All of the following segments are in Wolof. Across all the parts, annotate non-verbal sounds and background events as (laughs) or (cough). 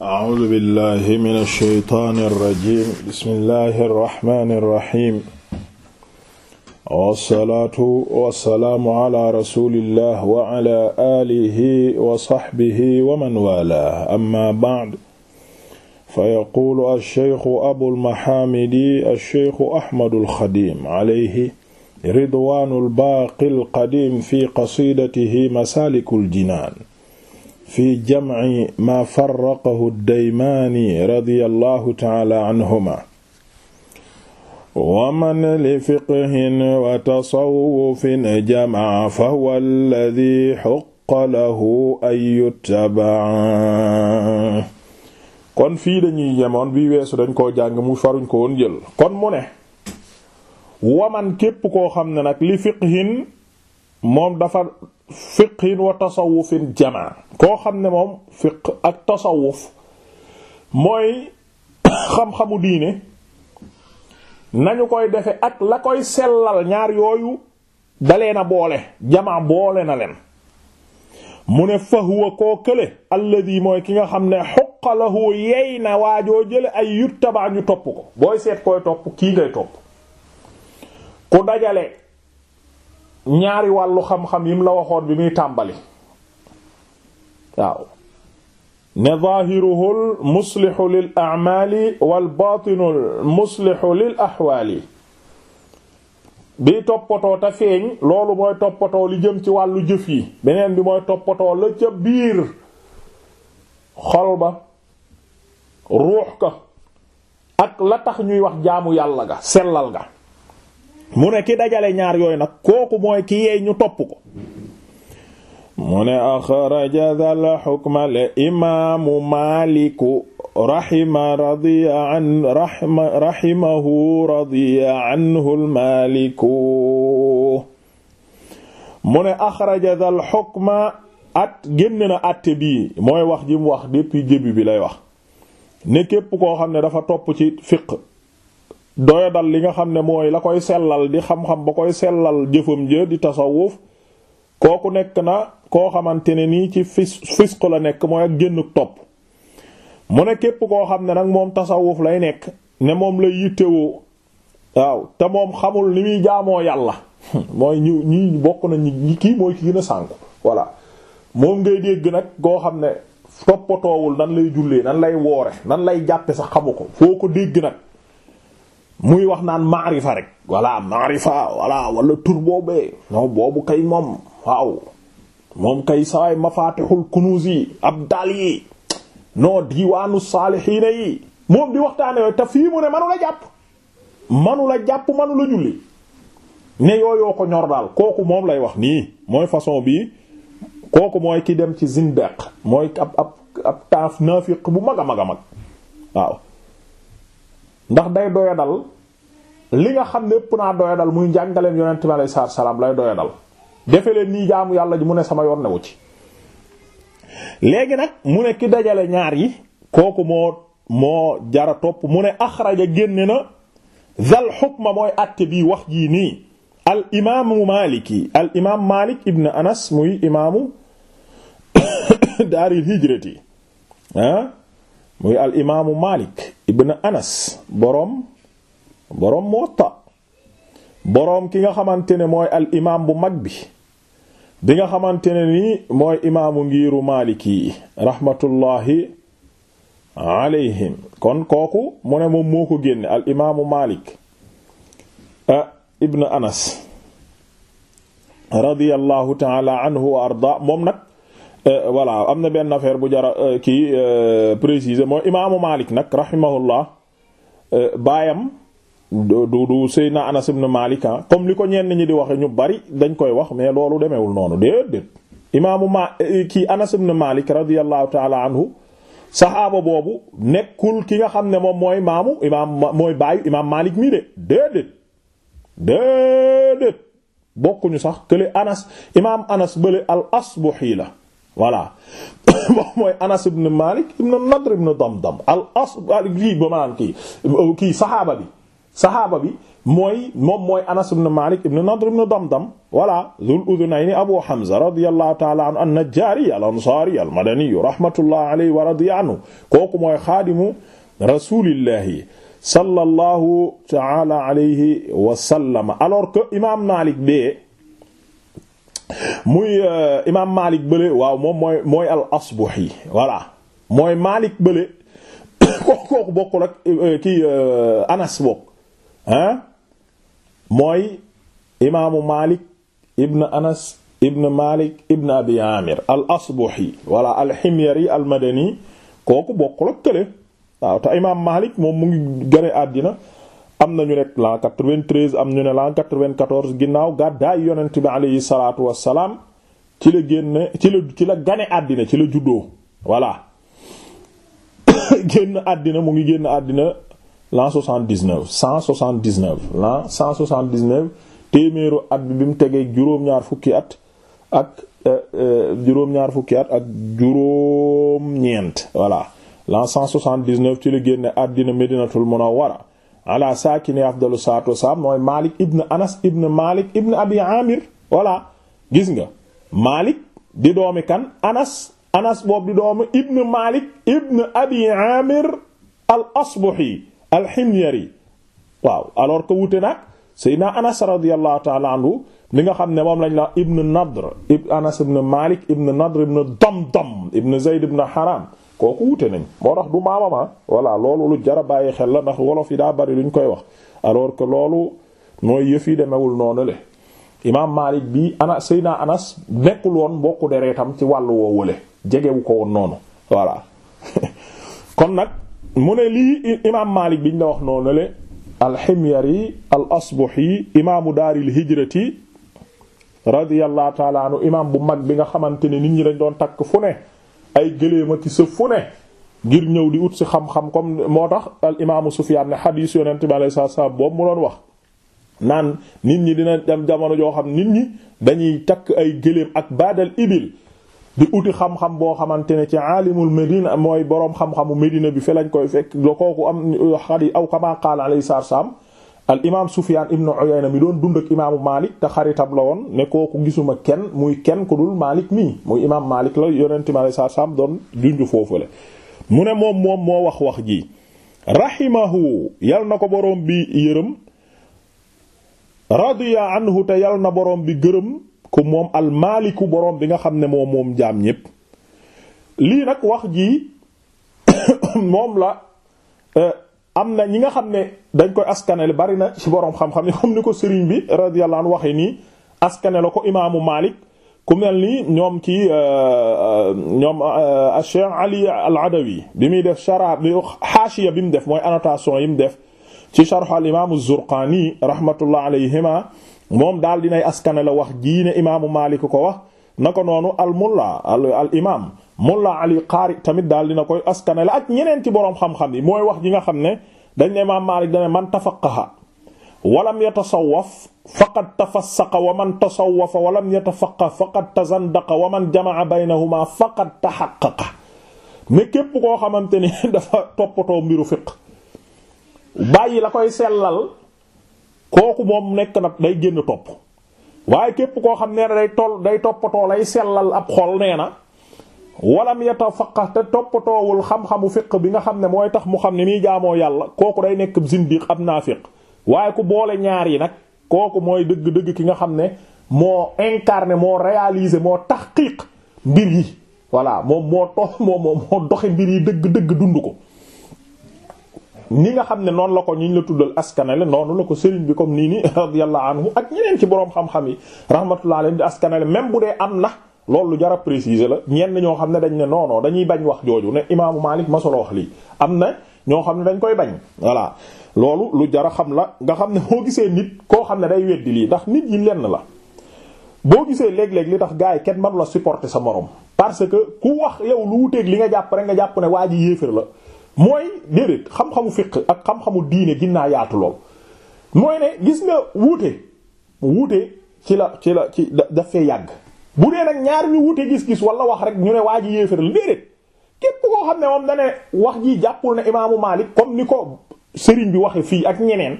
A'uuzu billaahi mina shaytaani rajiim bismillaahi rahmaani rahiim. Wassalaatu wassalaamu alaa rasuulillaah wa alaa aalihi wa sahbihi wa man waalaah, ammaa ba'd. Fayaquulu ash-shaykhu abul mahaamidi ash-shaykhu Ahmadul Xadiim alayhi ridwaanul baaqil qadiim fi qasiidatihi masaalikul jinaan. fi jamci maa farraqahu daymaani radiyallahu taala anhuma waman lifiqhin wa tasawwufin jamaca fahuwa alladi xuqa lahu an yuttabaca kon fii dañuy yemoon bi weesu dañ koo jàng mu faruñ ko woon jël kon mu ne waman képp koo xam ne nag lifiqhin moom dafa fiqhin wa tasawufin jamaa koo xam ne moom fiq ak tasawuf mooy (coughs) xam-xamu diine nañu koy defe ak la koy sellal ñaar yooyu dalee na boole jamaa boole na leen mu ne fahuwa koo kële alladi mooy ki nga xam ne xuqa lahu yey na waajoo jële ay yuttabaa ñu topp ko booy seet koy topp kii ngay topp ku dajale ñaari wàllu xam-xam yim la waxoon bi muy tàmbali waaw ne zaahiruhul muslixu lil a'maali wal baatinul muslixu lil axwaali bi toppatoo te feeñ loolu mooy toppatoo li jëm ci wàllu jëf yi beneen bi mooy toppatoo la ca biir xol ba ruux ka ak la tax ñuy wax jaamu yàlla ga sellal ga mu ne ki dajale ñaar yooyu nag kooku mooy ki yeey ñu topp ko mu ne axraja dal xukma le imaamu maaliku rahima radiya anhu lmaaliku mu ne axraja dal xukma at génn na àtte mooy wax ji mu wax depuis début bi lay wax ne képp koo xam ne dafa topp ci fiq doyadal li nga xam ne mooy la koy sellal di xam-xam ba koy sellal jëfam jë di tasawuf kooku nekk na koo xamante ne nii ci fis fisq la nekk mooy ak génn topp mu ne képp koo xam ne nag moom tasawuf lay nekk ne moom lay yittewoo te moom xamul ni muy jaamoo yàlla (laughs) mooy ñu ñi bokk na ñi kii mooy ki gën a sànku voilà moom ngay dégg nag koo xam ne toppatoowul nan lay jullee nan lay woore nan lay jàtte sax xamu ko foo ko dégg nag muy wax naan maarifa rek voilà maarifa voilà wala tur boobee non boobu kay moom waaw moom kay sawaay mafatihul kunuuz yi ab daal yi non diwaanu saalihiina yi moom di waxtaane yooyu te fii mu ne manu la jàpp manu la julli ne yooyoo ko ñor daal kooku moom lay wax nii mooy façon bii kooku mooy ki dem ci zindeq mooy ab ab ab taaf naafiq bu mag a mag a mag waaw ndax day doyadal li nga xam ne ëpp naa doyadal muy njàngaleem yonent bi alayhi salaam lay doyadal defe leen nii jaamu yàlla ji mu ne sama yoon newu léegi nag mu ne ki dajale ñaar yi kooku moo moo jara topp mu ne axraja génne na zal xukma mooy àtte bi wax jii nii al imaamu maliki al imaam malik ibn anas muy imaamu (coughs) daaril hijrati ah muy al imaamu Malik ibn Anas boroom Muwatta boroom ki nga xamante ne mooy al bu mag bi bi nga xamante ne nii mooy imaamu ngiiru Malik yi alayhim kon kooku mu ne moom moo ko génne al Malik ibn Anas radiyallahu taala anhu moom nag Euh, voilà am na benn affaire bu jara euh, kii euh, préciser mooy imaamu Malik nag rahimahullah baayam du du Seydina Anas ibn Malik ah, comme li ko ñenn ñi di waxe ñu bari dañ koy wax mais loolu demewul noonu déedéet imaamu ma kii Anas ibn Malik radiyallahu taala anhu saxaaba boobu nekkul ki nga xam ne moom mooy maamu imaam mooy baayu imaam Malik mii de déedéet déedéet bokkuñu sax kële Anas imaam Anas bële al asbuhi la voilà (coughs) moom mooy Anas ibn Malik ibn Nadr ibn Damdam al as lii ba maanaam kii kii saxaaba bi saxaaba bi mooy moom mooy Anas ibn Malik ibn Nadr ibn Damdam voilà Zul Udunayni Abu Hamza radiyallahu ta'ala anhu an-Najjari al-Ansari al-Madani rahmatullahi alayhi wa radiya anhu kooku mooy xaadimu rasulillahi sallallahu ta'ala alayhi wa sallam alors que imaam Malik be muy euh, imaam Malik bële waaw mooy mooy al voilà mooy Malik bële (coughs) kooku kooku bokkul ak euh, kii euh, Anas bokk ah mooy imaamu Malik ibn Anas ibn Malik ibn Abi Amir al asbuhi voilà al kooku bokkul ak kële waaw imaam Malik moom mu gane àddina am na ñu ne l'an 93 am ñu ne l'an 94 ginnaaw gàddaay yonent bi aleyhi salaatu wassalaam ci la génne ci la ci la gane àddina ci la juddoo voilà (coughs) génn àddina mu ngi génn àddina l'an 79 179 l'an 179 téeméeru at bi bi mu tegee juróom-ñaar fukki at ak euh, euh, juróom-ñaar fukki at ak juróom-ñeent voilà l'an ci la génne àddina Medinatul Munawwara ala saakini afdalu salaatu wasalaam mooy Malik ibn Anas ibn Malik ibn Abi Amir voilà gis nga Malik di doomi kan Anas Anas boobu di doomi ibn Malik ibn Abi Amir al Asbahi al Himyari waaw alors que wuute nag Seydina Anas radiyallahu ta'ala anhu li nga xam ne moom lañ la ibn Nadr ibn Anas ibn Malik ibn Nadr ibn Damdam ibn Zayd ibn Haram kooku wute nañ moo tax du maamama ah. voilà loolu lu jara bàyyi xel la ndax wolof yi daa bari lu ñu koy wax alors que loolu mooy yëf yi demewul noonu le imaam Maalik bi ana Seydina Anas nekkul woon mbokku deretam ci wàllu woo wële jegewu ko woon noonu voilà (laughs) kon nag mu ne lii imaam Maalik biñ la wax noonu le alximyari al asbohi imaamu daaril hijrati radiyallahu taala anhu imaam bu mag bi nga xamante ne nit ñi dañ doon takk fu ne ay gëléema ki sa fu ne ngir ñëw di ut si xam-xam comme moo tax al imaamu Sufyaan ne xadiis yonent bi alayhi salaatu salaam boobu mu doon wax naan nit ñi dina dem jamono joo xam nit ñi dañuy takk ay gëléem ak baadal ibil di uti xam-xam boo xamante ne ci aalimul Medina mooy boroom xam-xamu Medina bi fe lañ koy fekk la kooku am xadi aw kama qaala alayhi salaam al imaam Sufyaan ibn Uyayna mi doon dund ak imaamu Maalik te xaritam la woon ne kooku gisuma kenn muy kenn ku dul Maalik mii muy imaam Maalik la yonent mi alayhi salaam doon junj foofule. mu ne moom moom moo wax wax ji rahimahu yal na ko borom bi yërëm na borom bi gërëm ku moom al maaliku borom bi nga xam ne moo moom jaam ñépp lii nag wax ji (coughs) moom la. Euh, am na ñi nga xam ne dañ koy askanele bari na ci boroom xam-xam yi xam ni ko sëriñ bi radiyallahu anhu waxe nii askanele ko imaamu Maalik ku mel ni ñoom ki euh, euh, ñoom euh, Cheikh Ali al-Adawi bi muy def sharh bi haashiya bi mu def mooy annotation yi mu def ci sharh al-imaam az-Zurqaani rahmatullah alayhima moom daal dinay askanele wax jii ne imaamu Maalik ko wax na ko noonu al-mulla al Mulla Ali Qaari tamit daal dina koy askanale ak ñeneen ci boroom xam-xam yi mooy wax ji nga xam ne dañ ne Imaam Maalik dane man tafaqqaha walam yatasawwaf faqad tafassaqa wa man tasawwafa walam yatafaqqah faqad tazandaqa wa man jama'a baynahuma faqad tahaqqaqa ne képp koo xamante ni (laughs) dafa toppatoo mbiru fiq bàyyi la koy sellal kooku moom nekk nag day génn topp waaye képp koo xam nee na day toll day toppatoo lay sellal ab xol nee na walam yatafaqqa te toppatoowul xam-xamu fiq bi nga xam ne mooy tax mu xam ne muy jaamoo yàlla kooku day nekk zindiq naa naafiq waaye ku boole ñaar yi nag kooku mooy dëgg-dëgg ki nga xam ne moo incarné moo réalisé moo taxqiq mbir yi voilà moom moo tox (laughs) moom moo doxe mbir yi dëgg-dëgg dund ko ni nga xam ne noonu la ko ñiñ la tuddal askanale noonu la ko sëriñ bi comme nii ni (laughs) radiyallahu anhu ak ñeneen ci boroom xam-xam yi rahmatullahi alayhi di askanale même bu dee am na loolu lu jar a préciser la ñenn ñoo xam ne dañ ne non non dañuy bañ wax jooju ne imaamu Maalik masolo wax lii am na ñoo xam ne dañ koy bañ voilà loolu lu jar a xam la nga xam ne boo gisee nit koo xam ne day weddi lii ndax nit ñi lenn la boo gisee léeg-léeg li tax gars yi kenn manu la supporter sa morom parce que ku wax yow lu wuteeg li nga jàpp rek nga jàpp ne waa ji yéefar la mooy déedéet xam-xamu fiqh ak xam-xamu diine ginnaa yaatu lool mooy ne gis nga wuute wuute ci la ci la ci daf fee yàgg bu dee nag ñaar ñu wute gis-gis wala wax rek ñu ne waa ji yéeféral déedéet képp koo xam ne moom da ne wax ji jàppul imaamu Maalik comme ni ko sëriñ bi waxe fii ak ñeneen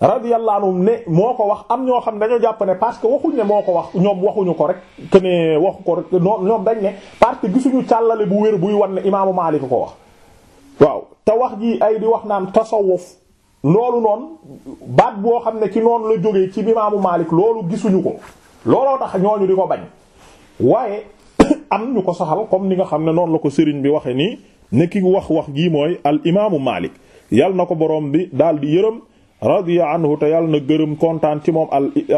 radiyallahu anhum ne moo ko wax am ñoo xam ne dañoo jàpp parce que waxuñ ne moo ko wax ñoom waxuñu ko rek que waxu ko rek ñoom dañ ne parce que gisuñu càllale bu wér buy wan ne imaamu Maalik ko wax waaw te wax ji ay wax naan tasawuf loolu noon baat boo xam ne ci noonu la jógee ci imaamu Maalik loolu gisuñu ko looloo tax ñooñu di ko bañ waaye (coughs) am ñu ko saxal comme ni nga xam ne noonu la ko sëriñ bi waxe nii ne ki wax wax gii mooy al imaamu Maalik yal na ko boroom bi daal di yërëm radiya anhu te yal na gërëm kontaan ci moom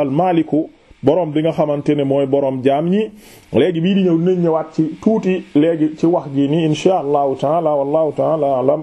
al maaliku borom bi nga xamante ne mooy borom jaam ñi léegi bii di ñëw dinañ ñëwaat ci tuuti léegi ci wax gii nii insha allahu taala wallahu taala alam